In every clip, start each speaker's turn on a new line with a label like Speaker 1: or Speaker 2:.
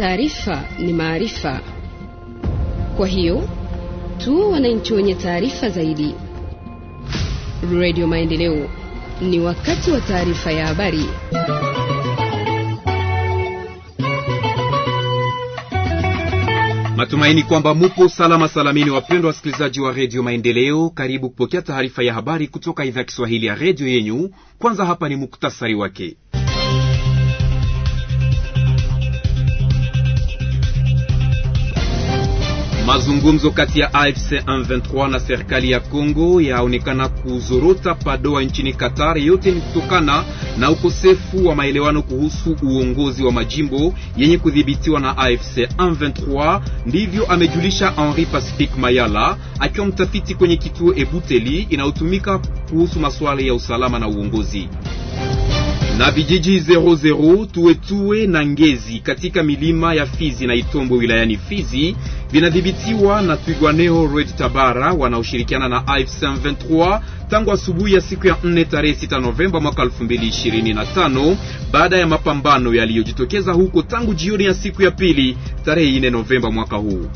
Speaker 1: Taarifa ni maarifa, kwa hiyo tuwe wananchi wenye taarifa zaidi. Radio Maendeleo, ni wakati wa taarifa ya habari.
Speaker 2: Matumaini kwamba mupo salama salamini, wapendwa wasikilizaji wa redio Maendeleo, karibu kupokea taarifa ya habari kutoka idhaa ya Kiswahili ya redio yenyu. Kwanza hapa ni muktasari wake. Mazungumzo kati ya AFC M23 na serikali ya Kongo yaonekana kuzorota padoa nchini Qatar. Yote ni kutokana na ukosefu wa maelewano kuhusu uongozi wa majimbo yenye kudhibitiwa na AFC M23. Ndivyo amejulisha Henri Pacifique Mayala akiwa mtafiti kwenye kituo Ebuteli inayotumika kuhusu masuala ya usalama na uongozi na vijiji 00 Tuwetue na Ngezi katika milima ya Fizi na Itombo wilayani Fizi vinadhibitiwa na Twigwaneho Red Tabara wanaoshirikiana na AFC M23 tangu asubuhi ya siku ya 4 tarehe 6 Novemba mwaka 2025 baada ya mapambano yaliyojitokeza huko tangu jioni ya siku ya pili tarehe 4 Novemba mwaka huu.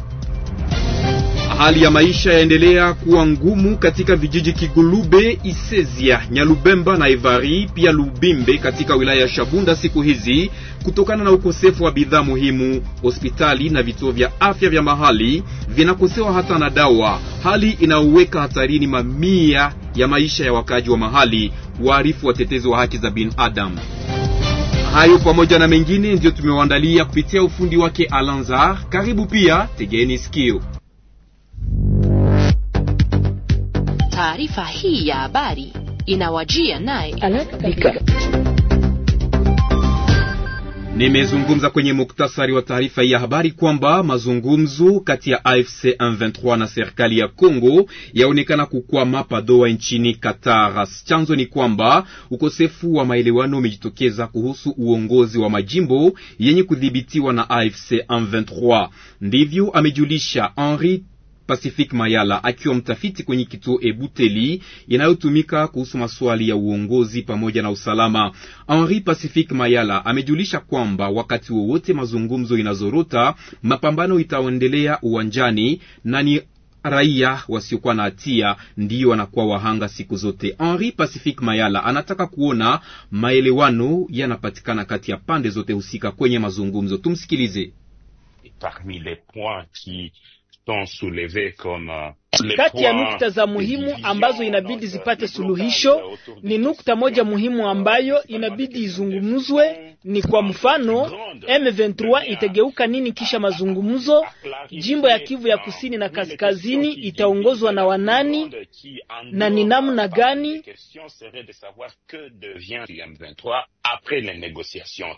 Speaker 2: Hali ya maisha yaendelea kuwa ngumu katika vijiji Kigulube, Isezia, Nyalubemba na Ivari pia Lubimbe katika wilaya ya Shabunda siku hizi kutokana na ukosefu wa bidhaa muhimu. Hospitali na vituo vya afya vya mahali vinakosewa hata na dawa, hali inayoweka hatarini mamia ya maisha ya wakaji wa mahali, waarifu watetezi wa haki za binadamu. Hayo pamoja na mengine ndiyo tumewaandalia kupitia ufundi wake Alanzar. Karibu pia, tegeni sikio.
Speaker 1: Taarifa hii ya habari inawajia naye
Speaker 2: Nimezungumza kwenye muktasari wa taarifa ya habari kwamba mazungumzo kati ya AFC M23 na serikali ya congo yaonekana kukwama padoa nchini Qatar. Chanzo ni kwamba ukosefu wa maelewano umejitokeza kuhusu uongozi wa majimbo yenye kudhibitiwa na AFC M23. Ndivyo amejulisha Henri Pacific Mayala akiwa mtafiti kwenye kituo Ebuteli inayotumika kuhusu masuali ya uongozi pamoja na usalama. Henri Pacific Mayala amejulisha kwamba wakati wowote mazungumzo inazorota, mapambano itaendelea uwanjani na ni raia wasiokuwa na hatia ndiyo wanakuwa wahanga siku zote. Henri Pacific Mayala anataka kuona maelewano yanapatikana kati ya pande zote husika kwenye mazungumzo. Tumsikilize. Parmi les points qui tant soulevé comme euh, Kati ya nukta
Speaker 3: za muhimu ambazo inabidi zipate suluhisho ni nukta moja muhimu ambayo inabidi izungumzwe, ni kwa mfano M23 itageuka nini kisha mazungumzo, jimbo ya Kivu ya kusini na kaskazini itaongozwa na wanani na ni namna gani?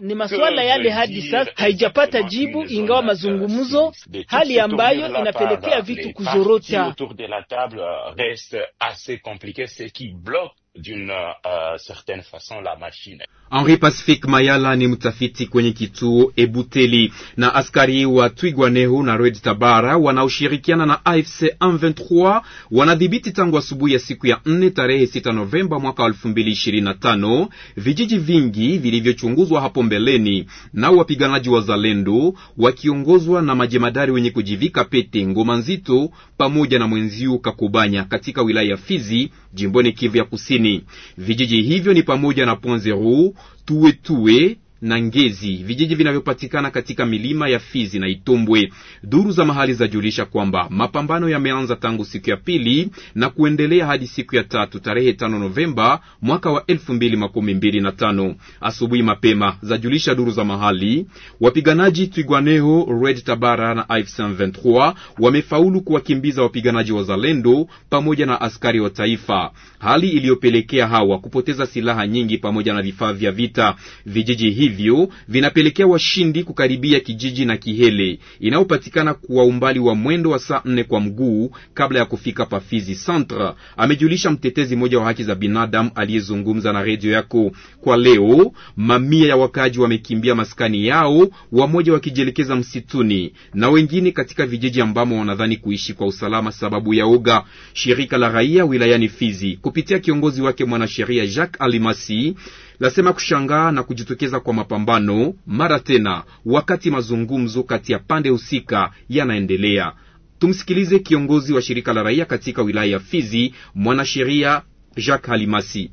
Speaker 2: Ni maswala yale hadi sasa haijapata jibu, ingawa
Speaker 3: mazungumzo, hali ambayo inapelekea vitu kuzorota.
Speaker 2: de la table euh, reste assez compliqué, ce qui bloque d'une uh, certaine façon la machine. Henri Pacific Mayala ni mtafiti kwenye kituo Ebuteli na askari wa Twigwanehu na Red Tabara wanaoshirikiana na AFC M23 wanadhibiti tangu asubuhi ya siku ya 4 tarehe 6 Novemba mwaka 2025 vijiji vingi vilivyochunguzwa hapo mbeleni, na wapiganaji wa Zalendo wakiongozwa na majemadari wenye kujivika pete ngoma nzito pamoja na mwenziu Kakubanya katika wilaya ya Fizi jimboni Kivu ya Kusini vijijini. Vijiji hivyo ni pamoja na Ponzeru, Tuwe Tuwe, na Ngezi, vijiji vinavyopatikana katika milima ya Fizi na Itumbwe. Duru za mahali zajulisha kwamba mapambano yameanza tangu siku ya pili na kuendelea hadi siku ya tatu tarehe tano Novemba mwaka wa elfu mbili makumi mbili na tano asubuhi mapema, zajulisha duru za mahali, wapiganaji Twigwaneho, Red Tabara na AFC-M23 wamefaulu kuwakimbiza wapiganaji wa Zalendo pamoja na askari wa taifa, hali iliyopelekea hawa kupoteza silaha nyingi pamoja na vifaa vya vita. Vijiji hii hivyo vinapelekea washindi kukaribia kijiji na Kihele inayopatikana kwa umbali wa mwendo wa saa nne kwa mguu kabla ya kufika Pafizi Centre, amejulisha mtetezi mmoja wa haki za binadamu aliyezungumza na redio yako. Kwa leo, mamia ya wakaaji wamekimbia maskani yao, wamoja wakijielekeza msituni na wengine katika vijiji ambamo wanadhani kuishi kwa usalama sababu ya oga. Shirika la raia wilayani Fizi kupitia kiongozi wake mwanasheria Jacques Alimasi lasema kushangaa na kujitokeza kwa mapambano mara tena, wakati mazungumzo kati ya pande husika yanaendelea. Tumsikilize kiongozi wa shirika la raia katika wilaya ya Fizi, mwanasheria Jacques Halimasi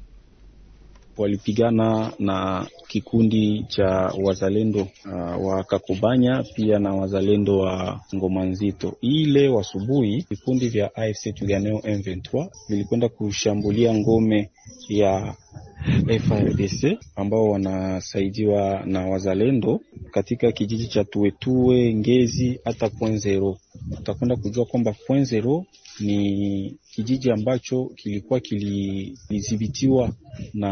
Speaker 4: walipigana na kikundi cha wazalendo uh, wa Kakobanya pia na wazalendo wa Ngoma Nzito. Ile asubuhi vikundi vya AFC Tuganeo M23 vilikwenda kushambulia ngome ya FRDC ambao wanasaidiwa na wazalendo katika kijiji cha Tuwetue Ngezi hata Point Zero. Utakwenda kujua kwamba Point Zero ni kijiji ambacho kilikuwa kilidhibitiwa na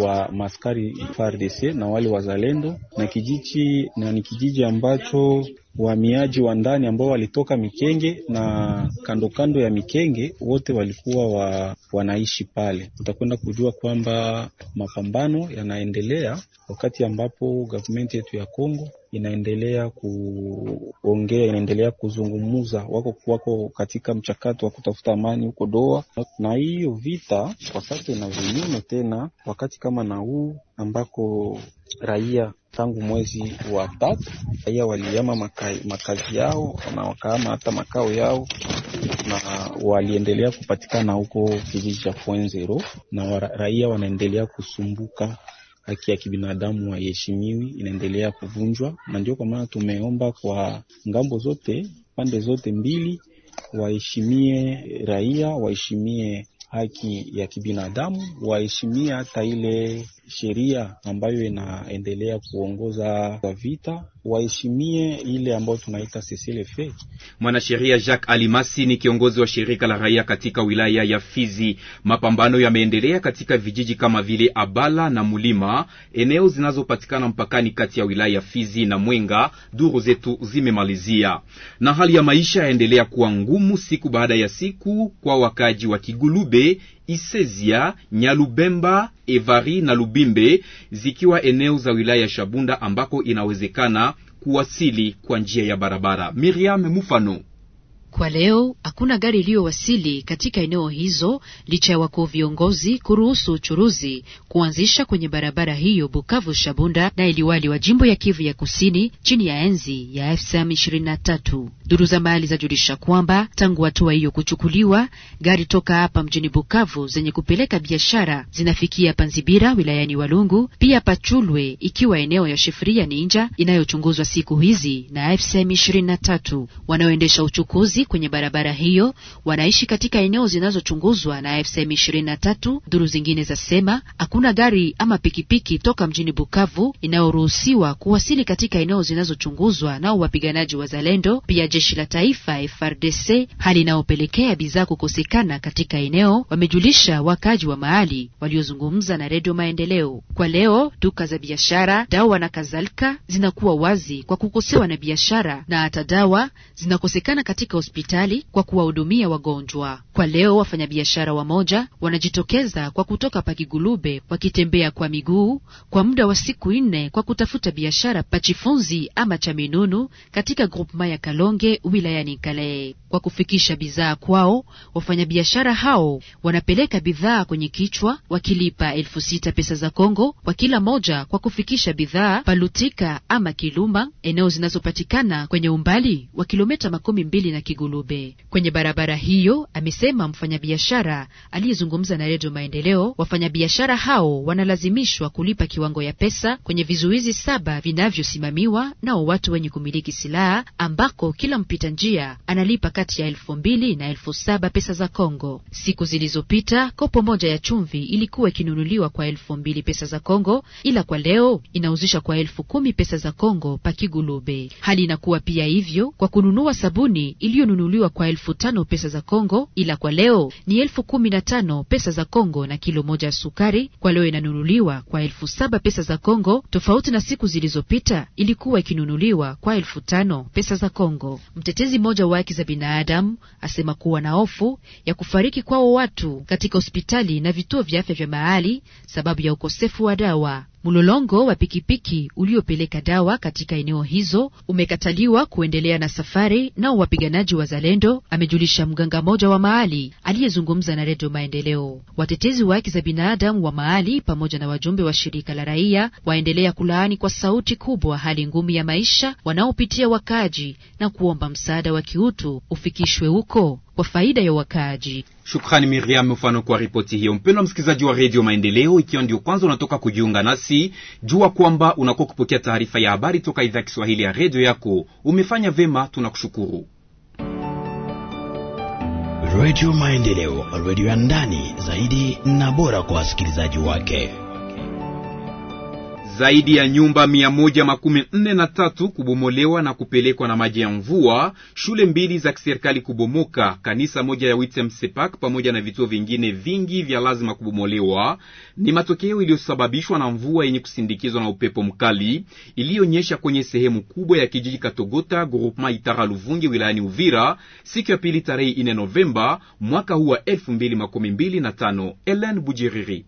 Speaker 4: wa maskari FARDC na wale wazalendo, na kijiji na ni kijiji ambacho wamiaji wa ndani ambao walitoka Mikenge na kando kando ya Mikenge wote walikuwa wa, wanaishi pale. Utakwenda kujua kwamba mapambano yanaendelea wakati ambapo gavumenti yetu ya Kongo inaendelea kuongea, inaendelea kuzungumuza, wako wako katika mchakato wa kutafuta amani huko Doha, na hiyo vita kwa sasa ina tena, wakati kama na huu ambako raia tangu mwezi wa tatu raia waliama makazi yao na wakaama hata makao yao na waliendelea kupatikana huko kijiji cha Fuenzero na raia wanaendelea kusumbuka haki ya kibinadamu haiheshimiwi, inaendelea kuvunjwa, na ndio kwa maana tumeomba kwa ngambo zote, pande zote mbili, waheshimie raia, waheshimie haki ya kibinadamu, waheshimie hata ile sheria ambayo inaendelea kuongoza kwa vita waheshimie ile ambayo tunaita fe.
Speaker 2: Mwanasheria Jacques Alimasi ni kiongozi wa shirika la raia katika wilaya ya Fizi. Mapambano yameendelea katika vijiji kama vile Abala na Mulima, eneo zinazopatikana mpakani kati ya wilaya ya Fizi na Mwenga. Duru zetu zimemalizia, na hali ya maisha yaendelea kuwa ngumu siku baada ya siku kwa wakaji wa Kigulube Isezia, Nyalubemba, Evari na Lubimbe zikiwa eneo za wilaya ya Shabunda ambako inawezekana kuwasili kwa njia ya barabara. Miriam Mufano
Speaker 1: kwa leo hakuna gari iliyowasili katika eneo hizo licha ya wakuu viongozi kuruhusu uchuruzi kuanzisha kwenye barabara hiyo Bukavu Shabunda, na iliwali wa jimbo ya Kivu ya Kusini chini ya enzi ya FSM 23. Duru za mahali zajulisha kwamba tangu hatua hiyo kuchukuliwa, gari toka hapa mjini Bukavu zenye kupeleka biashara zinafikia Panzibira wilayani Walungu, pia Pachulwe, ikiwa eneo ya shifuria Ninja inayochunguzwa siku hizi na FSM 23. Wanaoendesha uchukuzi kwenye barabara hiyo wanaishi katika eneo zinazochunguzwa na FSM 23. Duru zingine zasema hakuna gari ama pikipiki toka mjini Bukavu inayoruhusiwa kuwasili katika eneo zinazochunguzwa nao wapiganaji wa Zalendo, pia jeshi la taifa FRDC, hali inayopelekea bidhaa kukosekana katika eneo, wamejulisha wakaji wa mahali waliozungumza na Redio Maendeleo. Kwa leo duka za biashara, dawa na kadhalika zinakuwa wazi kwa kukosewa na biashara na hata dawa zinakosekana katika hospitali kwa kuwahudumia wagonjwa. Kwa leo, wafanyabiashara wamoja wanajitokeza kwa kutoka Pakigulube wakitembea kwa miguu kwa muda wa siku nne kwa kutafuta biashara pachifunzi ama cha minunu katika groupema ya Kalonge wilayani Kale. Kwa kufikisha bidhaa kwao, wafanyabiashara hao wanapeleka bidhaa kwenye kichwa wakilipa elfu sita pesa za Kongo kwa kila moja kwa kufikisha bidhaa palutika ama Kiluma, eneo zinazopatikana kwenye umbali wa kilometa makumi mbili na Kigulu. Igulube. Kwenye barabara hiyo, amesema mfanyabiashara aliyezungumza na Redio Maendeleo, wafanyabiashara hao wanalazimishwa kulipa kiwango ya pesa kwenye vizuizi saba vinavyosimamiwa nao watu wenye kumiliki silaha, ambako kila mpita njia analipa kati ya elfu mbili na elfu saba pesa za Kongo. Siku zilizopita kopo moja ya chumvi ilikuwa ikinunuliwa kwa elfu mbili pesa za Kongo, ila kwa leo inauzisha kwa elfu kumi pesa za Kongo pa Kigulube. Hali inakuwa pia hivyo kwa kununua sabuni iliyo yanayonunuliwa kwa elfu tano pesa za Kongo, ila kwa leo ni elfu kumi na tano pesa za Kongo, na kilo moja ya sukari kwa leo inanunuliwa kwa elfu saba pesa za Kongo, tofauti na siku zilizopita ilikuwa ikinunuliwa kwa elfu tano pesa za Kongo. Mtetezi mmoja wa haki za binadamu asema kuwa na hofu ya kufariki kwao watu katika hospitali na vituo vya afya vya mahali sababu ya ukosefu wa dawa. Mlolongo wa pikipiki uliopeleka dawa katika eneo hizo umekataliwa kuendelea na safari nao wapiganaji wa Zalendo, amejulisha mganga mmoja wa mahali aliyezungumza na Redio Maendeleo. Watetezi wa haki za binadamu wa mahali pamoja na wajumbe wa shirika la raia waendelea kulaani kwa sauti kubwa hali ngumu ya maisha wanaopitia wakaaji na kuomba msaada wa kiutu ufikishwe huko kwa faida ya wakaaji.
Speaker 2: Shukrani Miriam mfano kwa ripoti hiyo. Mpendwa msikilizaji wa redio Maendeleo, ikiwa ndio kwanza unatoka kujiunga nasi, jua kwamba unakuwa kupokea taarifa ya habari toka idhaa ya Kiswahili ya redio yako. Umefanya vema, tunakushukuru. Redio Maendeleo,
Speaker 3: redio ya ndani zaidi na bora kwa wasikilizaji wake.
Speaker 2: Zaidi ya nyumba 143 kubomolewa na kupelekwa na maji ya mvua, shule mbili za kiserikali kubomoka, kanisa moja ya Witemsepak pamoja na vituo vingine vingi vya lazima kubomolewa. Ni matokeo iliyosababishwa na mvua yenye kusindikizwa na upepo mkali iliyonyesha kwenye sehemu kubwa ya kijiji Katogota, Grupema Itara Luvungi, wilayani Uvira, siku ya pili tarehe 4 Novemba mwaka huu wa 2025. Ellen Bujiriri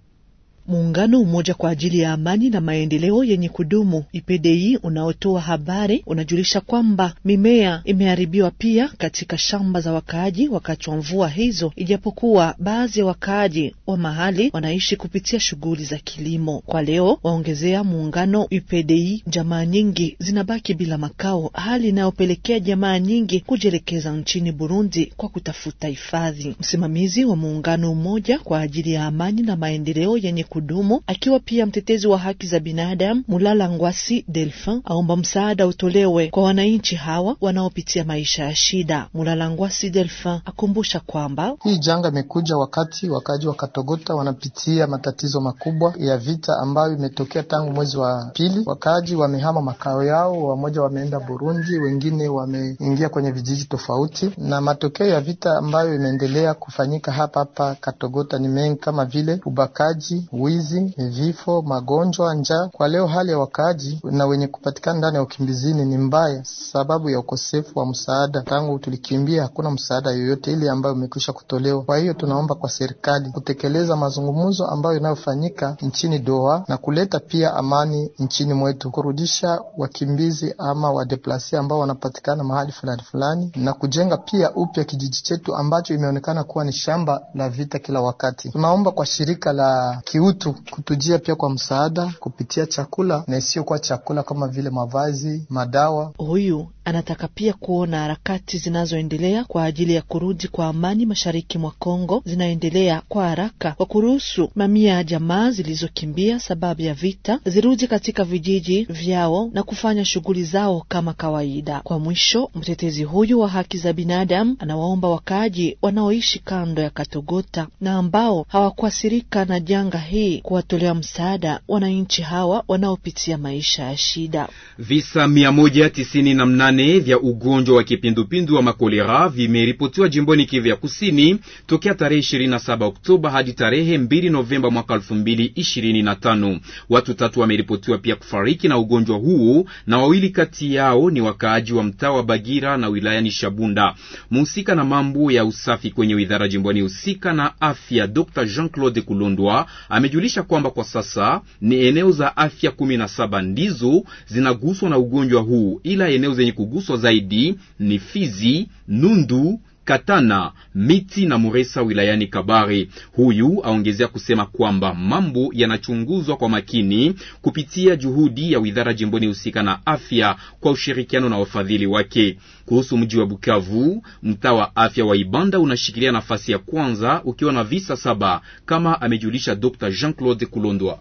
Speaker 5: Muungano Umoja kwa ajili ya Amani na Maendeleo yenye kudumu IPDI unaotoa habari unajulisha kwamba mimea imeharibiwa pia katika shamba za wakaaji wakati wa mvua hizo, ijapokuwa baadhi ya wakaaji wa mahali wanaishi kupitia shughuli za kilimo. Kwa leo, waongezea muungano IPDI, jamaa nyingi zinabaki bila makao, hali inayopelekea jamaa nyingi kujielekeza nchini Burundi kwa kutafuta hifadhi. Msimamizi wa muungano mmoja kwa ajili ya Amani na Maendeleo yenye kudumu. Akiwa pia mtetezi wa haki za binadamu, Mulala Ngwasi Delfin aomba msaada utolewe kwa wananchi hawa wanaopitia maisha ya shida.
Speaker 6: Mulala Ngwasi Delfin akumbusha kwamba hii janga imekuja wakati wakaaji wa Katogota wanapitia matatizo makubwa ya vita ambayo imetokea tangu mwezi wa pili. Wakaaji wamehama makao yao, wamoja wameenda Burundi, wengine wameingia kwenye vijiji tofauti, na matokeo ya vita ambayo imeendelea kufanyika hapa hapa Katogota ni mengi kama vile ubakaji wizi, vifo, magonjwa, njaa. Kwa leo hali ya wakaaji na wenye kupatikana ndani ya ukimbizini ni mbaya, sababu ya ukosefu wa msaada. Tangu tulikimbia, hakuna msaada yoyote ile ambayo imekwisha kutolewa. Kwa hiyo tunaomba kwa serikali kutekeleza mazungumzo ambayo inayofanyika nchini Doha na kuleta pia amani nchini mwetu, kurudisha wakimbizi ama wadeplasi ambao wanapatikana mahali fulani fulani, na kujenga pia upya kijiji chetu ambacho imeonekana kuwa ni shamba la vita kila wakati. Tunaomba kwa shirika la kiutu tu kutujia pia kwa msaada kupitia chakula na isiyokuwa chakula kama vile mavazi, madawa. Huyu Anataka pia
Speaker 5: kuona harakati zinazoendelea kwa ajili ya kurudi kwa amani mashariki mwa Kongo zinaendelea kwa haraka kwa kuruhusu mamia ya jamaa zilizokimbia sababu ya vita zirudi katika vijiji vyao na kufanya shughuli zao kama kawaida. Kwa mwisho, mtetezi huyu wa haki za binadamu anawaomba wakaaji wanaoishi kando ya Katogota na ambao hawakuathirika na janga hii kuwatolea msaada wananchi hawa wanaopitia maisha ya shida.
Speaker 2: Visa mia moja tisini na vinane vya ugonjwa wa kipindupindu wa makolera vimeripotiwa jimboni Kivu ya Kusini tokea tarehe 27 Oktoba hadi tarehe 2 Novemba mwaka 2025. Watu tatu wameripotiwa pia kufariki na ugonjwa huu na wawili kati yao ni wakaaji wa mtaa wa Bagira na wilayani Shabunda. Mhusika na mambo ya usafi kwenye idara jimboni husika na afya, Dr Jean-Claude Kulondwa amejulisha kwamba kwa sasa ni eneo za afya 17 ndizo zinaguswa na ugonjwa huu ila eneo zenye kuguswa zaidi ni Fizi, Nundu, Katana, Miti na Muresa wilayani Kabare. Huyu aongezea kusema kwamba mambo yanachunguzwa kwa makini kupitia juhudi ya widhara jimboni husika na afya kwa ushirikiano na wafadhili wake. Kuhusu mji wa Bukavu, mtaa wa afya wa Ibanda unashikilia nafasi ya kwanza ukiwa na visa saba, kama amejulisha Dr. Jean-Claude Kulondwa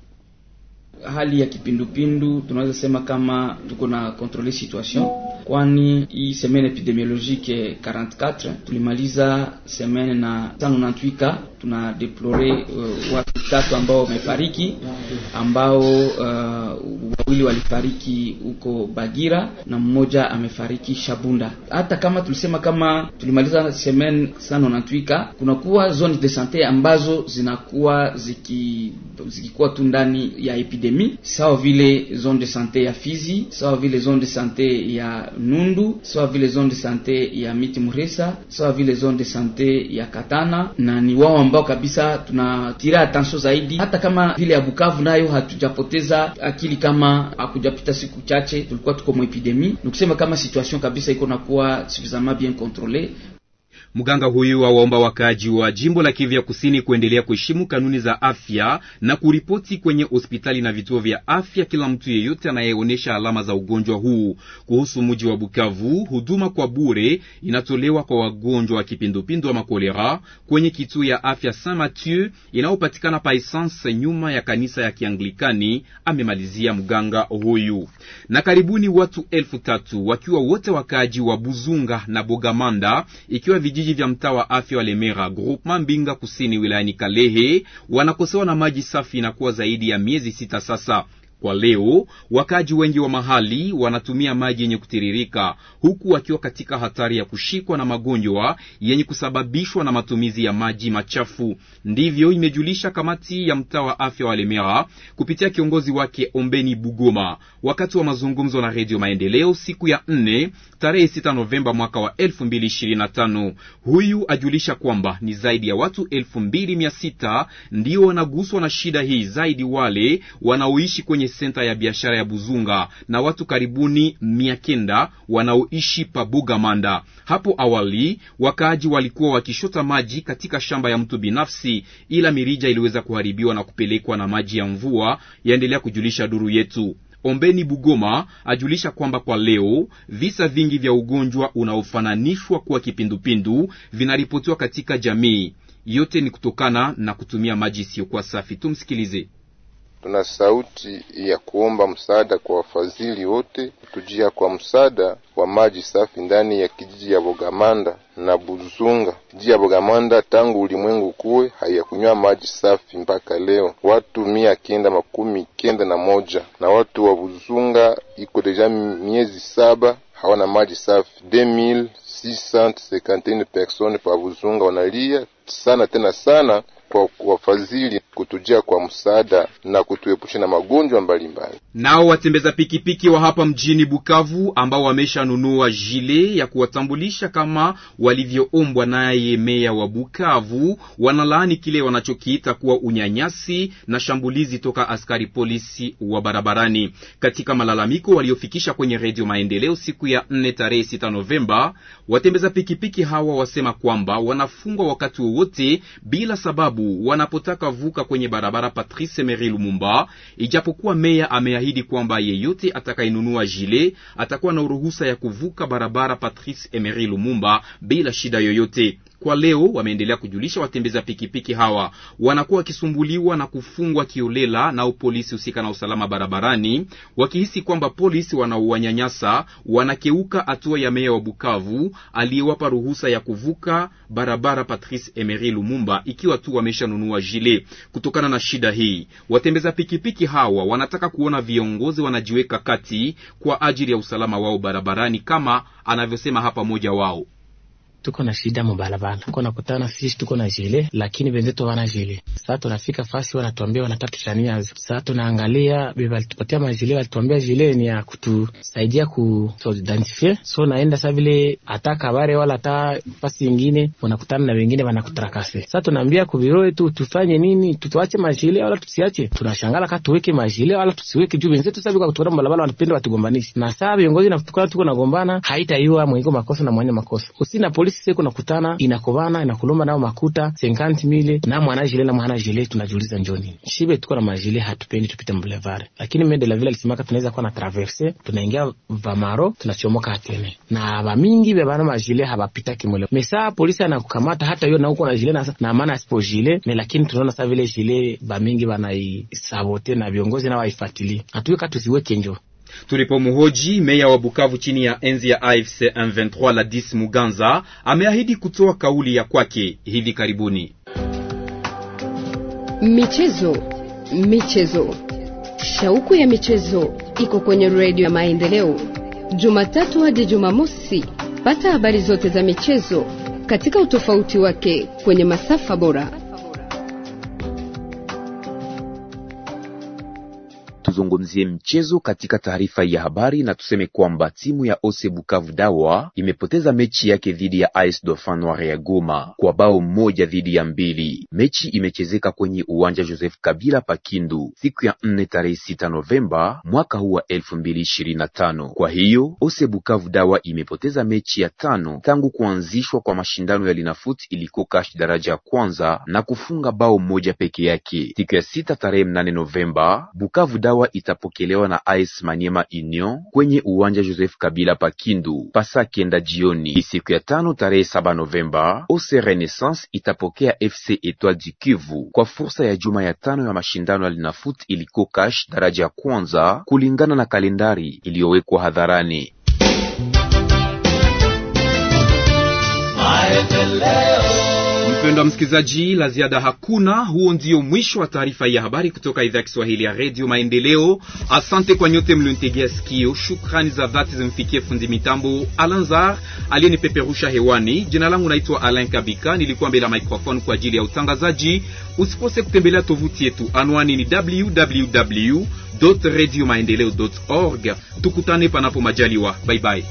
Speaker 4: hali ya kipindupindu tunaweza sema kama tuko na controle situation, kwani hii semaine epidemiologique 44 tulimaliza semaine na 98 ka tuna deplore uh, watu tatu ambao wamefariki, ambao uh, wawili walifariki huko Bagira na mmoja amefariki Shabunda. Hata kama tulisema kama tulimaliza semaine 98 ka kunakuwa zone de sante ambazo zinakuwa zikikuwa ziki tu ndani ya epidemiologique epidemi sawa vile zone de sante ya Fizi, sawa vile zone de sante ya Nundu, sawa vile zone de sante ya Miti Muresa, sawa vile zone de sante ya Katana, na ni wao ambao kabisa tunatira attention zaidi, hata kama vile ya Bukavu nayo hatujapoteza akili kama hakujapita siku chache tulikuwa tuko mu epidemi, nikusema kama situation kabisa iko nakuwa suffisamment bien controle
Speaker 2: Mganga huyu awaomba wakaaji wa jimbo la Kivu ya kusini kuendelea kuheshimu kanuni za afya na kuripoti kwenye hospitali na vituo vya afya kila mtu yeyote anayeonyesha alama za ugonjwa huu. Kuhusu mji wa Bukavu, huduma kwa bure inatolewa kwa wagonjwa wa kipindupindu wa makolera kwenye kituo ya afya Saint Mathieu inayopatikana pa Essence nyuma ya kanisa ya Kianglikani, amemalizia mganga huyu. Na karibuni watu elfu tatu wakiwa wote wakaaji wa Buzunga na Bogamanda ikiwa vijiji vijiji vya mtaa wa afya wa Lemera groupement Mbinga kusini wilayani Kalehe wanakosewa na maji safi na kuwa zaidi ya miezi sita sasa. Kwa leo wakaji wengi wa mahali wanatumia maji yenye kutiririka, huku wakiwa katika hatari ya kushikwa na magonjwa yenye kusababishwa na matumizi ya maji machafu. Ndivyo imejulisha kamati ya mtaa wa afya wa Lemera kupitia kiongozi wake Ombeni Bugoma wakati wa mazungumzo na Redio Maendeleo siku ya nne tarehe 6 Novemba mwaka wa 2025. Huyu ajulisha kwamba ni zaidi ya watu 2600 ndio wanaguswa na shida hii, zaidi wale wanaoishi kwenye kwenye senta ya biashara ya Buzunga na watu karibuni mia kenda wanaoishi Pabugamanda. Hapo awali wakaaji walikuwa wakishota maji katika shamba ya mtu binafsi, ila mirija iliweza kuharibiwa na kupelekwa na maji ya mvua, yaendelea kujulisha duru yetu. Ombeni Bugoma ajulisha kwamba kwa leo visa vingi vya ugonjwa unaofananishwa kuwa kipindupindu vinaripotiwa katika jamii. Yote ni kutokana na kutumia maji isiyokuwa safi. Tumsikilize tuna sauti ya
Speaker 3: kuomba msaada kwa wafadhili wote kutujia kwa msaada wa maji safi ndani ya kijiji ya Bogamanda na Buzunga. Kijiji ya Bogamanda tangu ulimwengu kuwe hayakunywa maji safi mpaka leo, watu mia kenda makumi kenda na moja
Speaker 2: na watu wa Buzunga iko deja miezi saba hawana maji safi. 2651 personnes pa Buzunga wanalia sana tena sana kwa wafadhili kutujia kwa msaada na kutuepusha na magonjwa mbalimbali. Nao watembeza pikipiki wa hapa mjini Bukavu ambao wameshanunua jile ya kuwatambulisha kama walivyoombwa naye meya wa Bukavu, wanalaani kile wanachokiita kuwa unyanyasi na shambulizi toka askari polisi wa barabarani. Katika malalamiko waliofikisha kwenye Redio Maendeleo siku ya 4 tarehe 6 Novemba, watembeza pikipiki hawa wasema kwamba wanafungwa wakati wowote bila sababu huu wanapotaka vuka kwenye barabara Patrice Emery Lumumba, ijapokuwa meya ameahidi kwamba yeyote atakayenunua jile atakuwa na uruhusa ya kuvuka barabara Patrice Emery Lumumba bila shida yoyote kwa leo wameendelea kujulisha watembeza pikipiki hawa wanakuwa wakisumbuliwa na kufungwa kiolela nao polisi husika na usalama barabarani, wakihisi kwamba polisi wanaowanyanyasa wanakeuka hatua ya meya wa Bukavu aliyewapa ruhusa ya kuvuka barabara Patrice Emery Lumumba, ikiwa tu wameshanunua jile. Kutokana na shida hii, watembeza pikipiki hawa wanataka kuona viongozi wanajiweka kati kwa ajili ya usalama wao barabarani, kama anavyosema hapa mmoja wao
Speaker 3: tuko na shida mubarabara, tuko nakutana sisi tuko na jele, lakini benzetu wana jele. Saa tunafika fasi wanatuambia wanatatushania. Saa tunaangalia walitupatia majile, walituambia jile ni ya kutusaidia kuidentifie, so naenda saa vile hata kabare wala hata fasi ingine wanakutana na wengine wanakutrakase. Saa tunaambia kubiro yetu tufanye nini? Tutuache majile wala tusiache? Tunashangala ka tuweke majile wala tusiweke juu benzetu sasa biko kutoka mubarabara wanapenda watugombanishe, na saa viongozi nakutukana tuko nagombana, haitaiwa mwenye makosa na mwanya makosa usi na polisi sisi seko nakutana inakobana inakulomba nao makuta senkanti mile na mwana jile na mwana jile, tunajiuliza njoni shibe tuko na majile, hatupendi tupite mbulevare, lakini mende la vila lisimaka tunaweza kuwa na traverse, tunaingia vamaro tunachomoka atene na mingi vya vana majile habapitaki mule mesa polisi anakukamata hata hiyo na uko na jile na, na maana asipo jile ne, lakini tunaona sa vile jile ba mingi vanaisabote na viongozi na waifatilie hatuweka tuziweke njo
Speaker 2: Tulipomhoji meya wa Bukavu chini ya enzi ya AFC M23 Dis Muganza, ameahidi kutoa kauli ya kwake hivi karibuni.
Speaker 1: Michezo, michezo, shauku ya michezo iko kwenye redio ya Maendeleo, Jumatatu hadi Jumamosi. Pata habari zote za michezo katika utofauti wake kwenye masafa bora.
Speaker 2: azungumzie mchezo katika taarifa ya habari, na tuseme kwamba timu ya Ose Bukavu Dawa imepoteza mechi yake dhidi ya Ice Dauphin Noir ya Goma kwa bao moja dhidi ya mbili. Mechi imechezeka kwenye uwanja Joseph Kabila Pakindu siku ya nne tarehe sita Novemba mwaka huu wa elfu mbili ishirini na tano. Kwa hiyo Ose Bukavu Dawa imepoteza mechi ya tano tangu kuanzishwa kwa mashindano ya Linafoot iliko kash daraja ya kwanza na kufunga bao moja peke yake siku ya sita tarehe mnane Novemba Bukavu Dawa ikawa itapokelewa na AS manyema Union kwenye uwanja Joseph Kabila Pakindu pasa kenda jioni. Siku ya tano tarehe 7 Novemba, Ose Renaissance itapokea FC Etoile du Kivu kwa fursa ya juma ya tano ya mashindano ya Linafoot iliko cash daraja ya kwanza kulingana na kalendari iliyowekwa hadharani. Mpendwa msikilizaji, la ziada hakuna. Huo ndio mwisho wa taarifa ya habari kutoka idhaa ya Kiswahili ya redio Maendeleo. Asante kwa nyote mlionitegea sikio. Shukrani za dhati zimfikie fundi mitambo Alanzar aliyenipeperusha hewani. Jina langu naitwa Alain Kabika, nilikuwa mbele ya microphone kwa ajili ya utangazaji. Usikose kutembelea tovuti yetu, anwani ni www radio maendeleo org. Tukutane panapo majaliwa. Baibai.